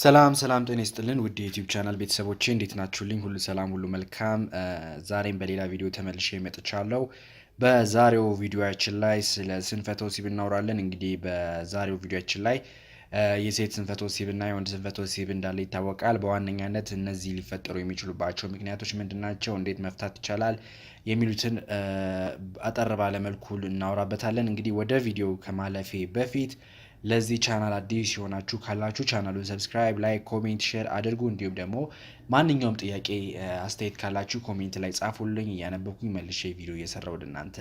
ሰላም ሰላም ጤና ይስጥልን ውድ የዩቲዩብ ቻናል ቤተሰቦቼ እንዴት ናችሁልኝ? ሁሉ ሰላም፣ ሁሉ መልካም። ዛሬም በሌላ ቪዲዮ ተመልሼ መጥቻለሁ። በዛሬው ቪዲዮያችን ላይ ስለ ስንፈተ ወሲብ እናወራለን። እንግዲህ በዛሬው ቪዲዮያችን ላይ የሴት ስንፈተ ወሲብ እና የወንድ ስንፈተ ወሲብ እንዳለ ይታወቃል። በዋነኛነት እነዚህ ሊፈጠሩ የሚችሉባቸው ምክንያቶች ምንድን ናቸው? እንዴት መፍታት ይቻላል? የሚሉትን አጠር ባለ መልኩ እናወራበታለን። እንግዲህ ወደ ቪዲዮ ከማለፌ በፊት ለዚህ ቻናል አዲስ ሲሆናችሁ ካላችሁ ቻናሉን ሰብስክራይብ፣ ላይክ፣ ኮሜንት፣ ሼር አድርጉ። እንዲሁም ደግሞ ማንኛውም ጥያቄ አስተያየት ካላችሁ ኮሜንት ላይ ጻፉልኝ። እያነበብኩኝ መልሼ ቪዲዮ እየሰራ ወደ እናንተ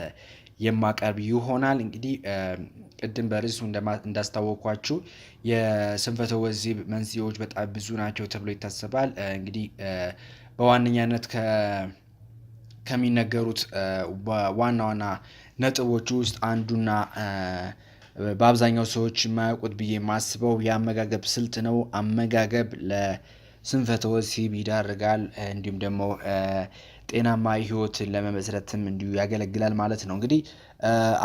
የማቀርብ ይሆናል። እንግዲህ ቅድም በርዕሱ እንዳስታወኳችሁ የስንፈተ ወሲብ መንስኤዎች በጣም ብዙ ናቸው ተብሎ ይታሰባል። እንግዲህ በዋነኛነት ከሚነገሩት ዋና ዋና ነጥቦች ውስጥ አንዱና በአብዛኛው ሰዎች የማያውቁት ብዬ የማስበው የአመጋገብ ስልት ነው። አመጋገብ ለስንፈተ ወሲብ ይዳርጋል፣ እንዲሁም ደግሞ ጤናማ ህይወትን ለመመስረትም እንዲሁ ያገለግላል ማለት ነው። እንግዲህ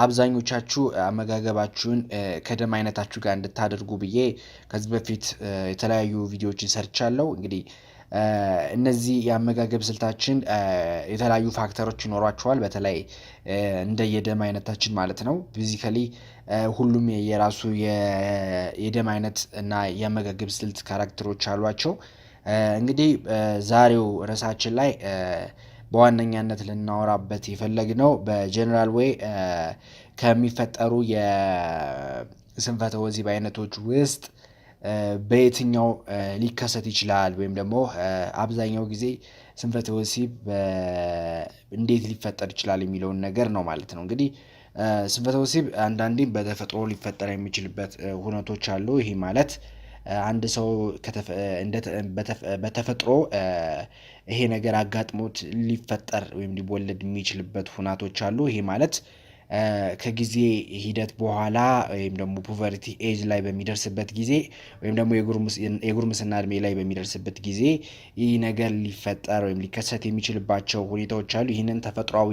አብዛኞቻችሁ አመጋገባችሁን ከደም አይነታችሁ ጋር እንድታደርጉ ብዬ ከዚህ በፊት የተለያዩ ቪዲዮዎችን ሰርቻለሁ እንግዲህ እነዚህ የአመጋገብ ስልታችን የተለያዩ ፋክተሮች ይኖሯቸዋል። በተለይ እንደ የደም አይነታችን ማለት ነው። ፊዚካሊ ሁሉም የራሱ የደም አይነት እና የአመጋገብ ስልት ካራክተሮች አሏቸው። እንግዲህ ዛሬው ርዕሳችን ላይ በዋነኛነት ልናወራበት የፈለግነው በጀነራል ዌይ ከሚፈጠሩ የስንፈተ ወሲብ አይነቶች ውስጥ በየትኛው ሊከሰት ይችላል ወይም ደግሞ አብዛኛው ጊዜ ስንፈተ ወሲብ እንዴት ሊፈጠር ይችላል የሚለውን ነገር ነው ማለት ነው። እንግዲህ ስንፈተ ወሲብ አንዳንዴም በተፈጥሮ ሊፈጠር የሚችልበት ሁነቶች አሉ። ይሄ ማለት አንድ ሰው በተፈጥሮ ይሄ ነገር አጋጥሞት ሊፈጠር ወይም ሊወለድ የሚችልበት ሁናቶች አሉ። ይሄ ማለት ከጊዜ ሂደት በኋላ ወይም ደግሞ ፑቨርቲ ኤጅ ላይ በሚደርስበት ጊዜ ወይም ደግሞ የጉርምስና እድሜ ላይ በሚደርስበት ጊዜ ይህ ነገር ሊፈጠር ወይም ሊከሰት የሚችልባቸው ሁኔታዎች አሉ። ይህንን ተፈጥሯዊ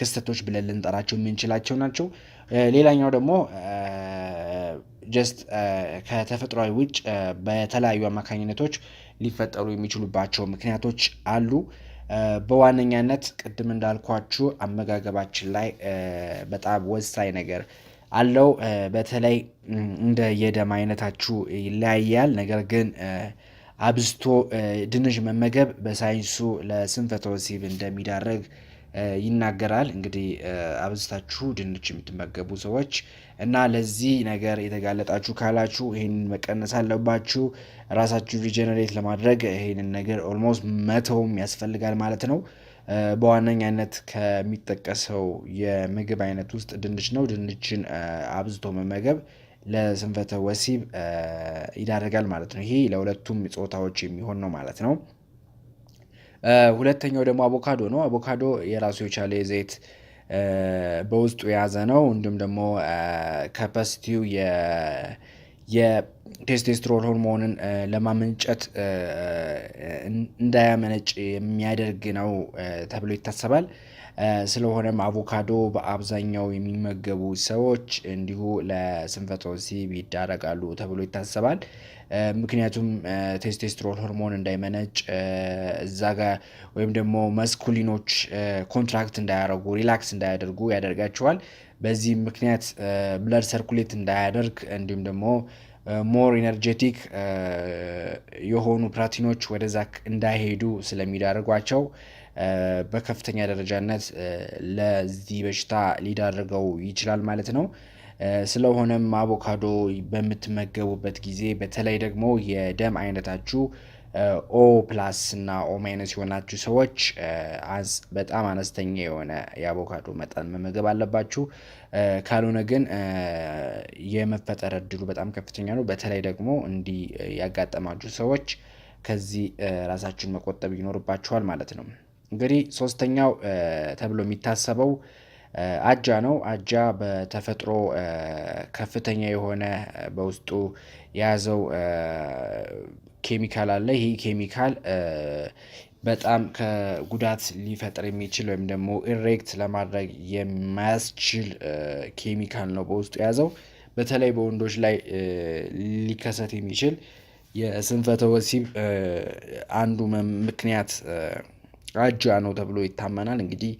ክስተቶች ብለን ልንጠራቸው የምንችላቸው ናቸው። ሌላኛው ደግሞ ጀስት ከተፈጥሯዊ ውጭ በተለያዩ አማካኝነቶች ሊፈጠሩ የሚችሉባቸው ምክንያቶች አሉ። በዋነኛነት ቅድም እንዳልኳችሁ አመጋገባችን ላይ በጣም ወሳኝ ነገር አለው። በተለይ እንደ የደም አይነታችሁ ይለያያል። ነገር ግን አብዝቶ ድንች መመገብ በሳይንሱ ለስንፈተ ወሲብ እንደሚዳረግ ይናገራል። እንግዲህ አብዝታችሁ ድንች የምትመገቡ ሰዎች እና ለዚህ ነገር የተጋለጣችሁ ካላችሁ ይህንን መቀነስ አለባችሁ። ራሳችሁ ሪጀነሬት ለማድረግ ይህንን ነገር ኦልሞስት መተውም ያስፈልጋል ማለት ነው። በዋነኛነት ከሚጠቀሰው የምግብ አይነት ውስጥ ድንች ነው። ድንችን አብዝቶ መመገብ ለስንፈተ ወሲብ ይዳረጋል ማለት ነው። ይሄ ለሁለቱም ጾታዎች የሚሆን ነው ማለት ነው። ሁለተኛው ደግሞ አቮካዶ ነው። አቮካዶ የራሱ የቻለ የዘይት በውስጡ የያዘ ነው። እንዲሁም ደግሞ ካፓሲቲው የቴስቴስትሮል ሆርሞንን ለማመንጨት እንዳያመነጭ የሚያደርግ ነው ተብሎ ይታሰባል። ስለሆነም አቮካዶ በአብዛኛው የሚመገቡ ሰዎች እንዲሁ ለስንፈተ ወሲብ ይዳረጋሉ ተብሎ ይታሰባል። ምክንያቱም ቴስቴስትሮል ሆርሞን እንዳይመነጭ እዛ ጋ ወይም ደግሞ መስኩሊኖች ኮንትራክት እንዳያደርጉ ሪላክስ እንዳያደርጉ ያደርጋቸዋል። በዚህ ምክንያት ብለድ ሰርኩሌት እንዳያደርግ እንዲሁም ደግሞ ሞር ኢነርጄቲክ የሆኑ ፕራቲኖች ወደዛ እንዳይሄዱ ስለሚዳርጓቸው በከፍተኛ ደረጃነት ለዚህ በሽታ ሊዳርገው ይችላል ማለት ነው። ስለሆነም አቮካዶ በምትመገቡበት ጊዜ በተለይ ደግሞ የደም አይነታችሁ ኦ ፕላስ እና ኦ ማይነስ የሆናችሁ ሰዎች በጣም አነስተኛ የሆነ የአቮካዶ መጠን መመገብ አለባችሁ። ካልሆነ ግን የመፈጠር እድሉ በጣም ከፍተኛ ነው። በተለይ ደግሞ እንዲህ ያጋጠማችሁ ሰዎች ከዚህ ራሳችሁን መቆጠብ ይኖርባችኋል ማለት ነው። እንግዲህ ሶስተኛው ተብሎ የሚታሰበው አጃ ነው። አጃ በተፈጥሮ ከፍተኛ የሆነ በውስጡ የያዘው ኬሚካል አለ። ይህ ኬሚካል በጣም ከጉዳት ሊፈጥር የሚችል ወይም ደግሞ ኢሬክት ለማድረግ የማያስችል ኬሚካል ነው በውስጡ የያዘው። በተለይ በወንዶች ላይ ሊከሰት የሚችል የስንፈተ ወሲብ አንዱ ምክንያት አጃ ነው ተብሎ ይታመናል እንግዲህ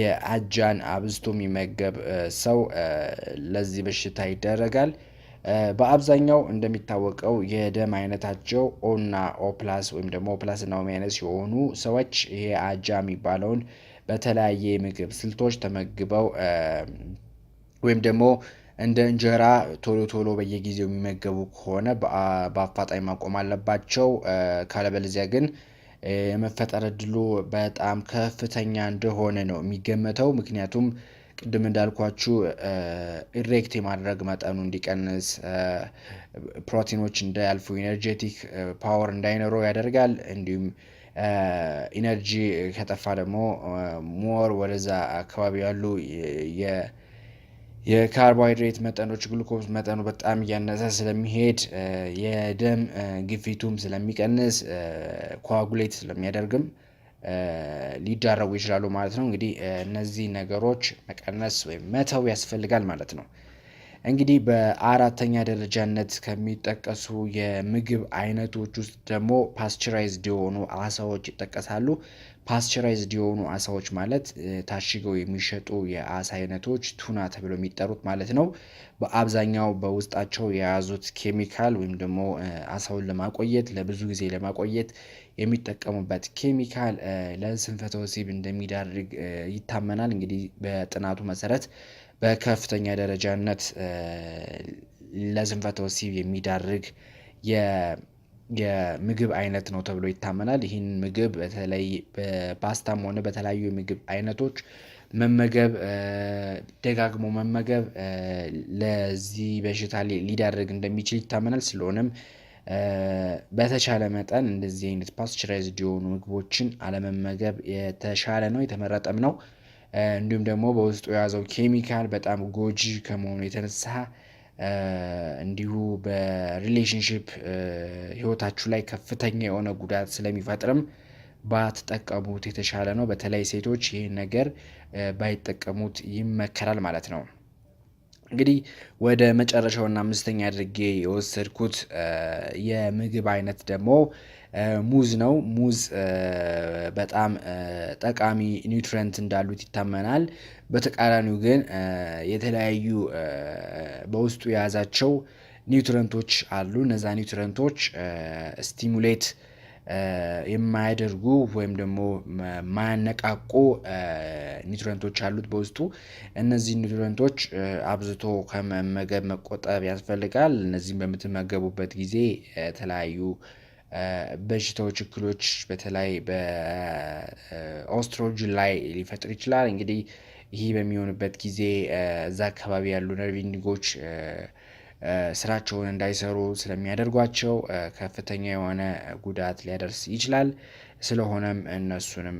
የአጃን አብዝቶ የሚመገብ ሰው ለዚህ በሽታ ይደረጋል። በአብዛኛው እንደሚታወቀው የደም አይነታቸው ኦና ኦፕላስ ወይም ደግሞ ኦፕላስና ኦሜነስ የሆኑ ሰዎች ይሄ አጃ የሚባለውን በተለያየ የምግብ ስልቶች ተመግበው ወይም ደግሞ እንደ እንጀራ ቶሎ ቶሎ በየጊዜው የሚመገቡ ከሆነ በአፋጣኝ ማቆም አለባቸው። ካለበለዚያ ግን የመፈጠር እድሉ በጣም ከፍተኛ እንደሆነ ነው የሚገመተው። ምክንያቱም ቅድም እንዳልኳችሁ ኢሬክት የማድረግ መጠኑ እንዲቀንስ፣ ፕሮቲኖች እንዳያልፉ፣ ኢነርጄቲክ ፓወር እንዳይኖረው ያደርጋል። እንዲሁም ኢነርጂ ከጠፋ ደግሞ ሞር ወደዛ አካባቢ ያሉ የካርቦሃይድሬት መጠኖች ግሉኮዝ መጠኑ በጣም እያነሰ ስለሚሄድ የደም ግፊቱም ስለሚቀንስ ኮአጉሌት ስለሚያደርግም ሊዳረጉ ይችላሉ ማለት ነው። እንግዲህ እነዚህ ነገሮች መቀነስ ወይም መተው ያስፈልጋል ማለት ነው። እንግዲህ በአራተኛ ደረጃነት ከሚጠቀሱ የምግብ አይነቶች ውስጥ ደግሞ ፓስቸራይዝድ የሆኑ አሳዎች ይጠቀሳሉ። ፓስቸራይዝድ የሆኑ አሳዎች ማለት ታሽገው የሚሸጡ የአሳ አይነቶች ቱና ተብሎ የሚጠሩት ማለት ነው። በአብዛኛው በውስጣቸው የያዙት ኬሚካል ወይም ደግሞ አሳውን ለማቆየት ለብዙ ጊዜ ለማቆየት የሚጠቀሙበት ኬሚካል ለስንፈተ ወሲብ እንደሚዳርግ ይታመናል። እንግዲህ በጥናቱ መሰረት በከፍተኛ ደረጃነት ለዝንፈተ ወሲብ የሚዳርግ የምግብ አይነት ነው ተብሎ ይታመናል። ይህን ምግብ በተለይ በፓስታም ሆነ በተለያዩ የምግብ አይነቶች መመገብ ደጋግሞ መመገብ ለዚህ በሽታ ሊዳርግ እንደሚችል ይታመናል። ስለሆነም በተቻለ መጠን እንደዚህ አይነት ፓስቸራይዝድ የሆኑ ምግቦችን አለመመገብ የተሻለ ነው፣ የተመረጠም ነው። እንዲሁም ደግሞ በውስጡ የያዘው ኬሚካል በጣም ጎጂ ከመሆኑ የተነሳ እንዲሁ በሪሌሽንሽፕ ህይወታችሁ ላይ ከፍተኛ የሆነ ጉዳት ስለሚፈጥርም ባትጠቀሙት የተሻለ ነው። በተለይ ሴቶች ይህን ነገር ባይጠቀሙት ይመከራል ማለት ነው። እንግዲህ ወደ መጨረሻውና አምስተኛ አድርጌ የወሰድኩት የምግብ አይነት ደግሞ ሙዝ ነው። ሙዝ በጣም ጠቃሚ ኒውትሪንት እንዳሉት ይታመናል። በተቃራኒው ግን የተለያዩ በውስጡ የያዛቸው ኒውትረንቶች አሉ። እነዛ ኒውትረንቶች ስቲሙሌት የማያደርጉ ወይም ደግሞ ማያነቃቁ ኒውትረንቶች አሉት በውስጡ። እነዚህ ኒውትረንቶች አብዝቶ ከመመገብ መቆጠብ ያስፈልጋል። እነዚህም በምትመገቡበት ጊዜ የተለያዩ በሽታዎች፣ እክሎች በተለይ በኦስትሮጅን ላይ ሊፈጥር ይችላል። እንግዲህ ይህ በሚሆንበት ጊዜ እዛ አካባቢ ያሉ ነርቪንጎች ስራቸውን እንዳይሰሩ ስለሚያደርጓቸው ከፍተኛ የሆነ ጉዳት ሊያደርስ ይችላል። ስለሆነም እነሱንም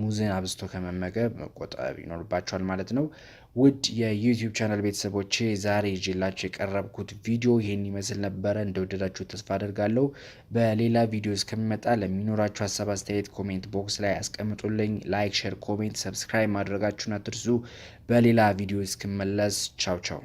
ሙዝን አብዝቶ ከመመገብ መቆጠብ ይኖርባቸዋል ማለት ነው። ውድ የዩቲዩብ ቻናል ቤተሰቦቼ ዛሬ ይዤላችሁ የቀረብኩት ቪዲዮ ይህን ይመስል ነበረ። እንደወደዳችሁ ተስፋ አደርጋለሁ። በሌላ ቪዲዮ እስከሚመጣ ለሚኖራችሁ ሀሳብ አስተያየት ኮሜንት ቦክስ ላይ አስቀምጡልኝ። ላይክ፣ ሼር፣ ኮሜንት፣ ሰብስክራይብ ማድረጋችሁን አትርሱ። በሌላ ቪዲዮ እስክመለስ ቻው ቻው።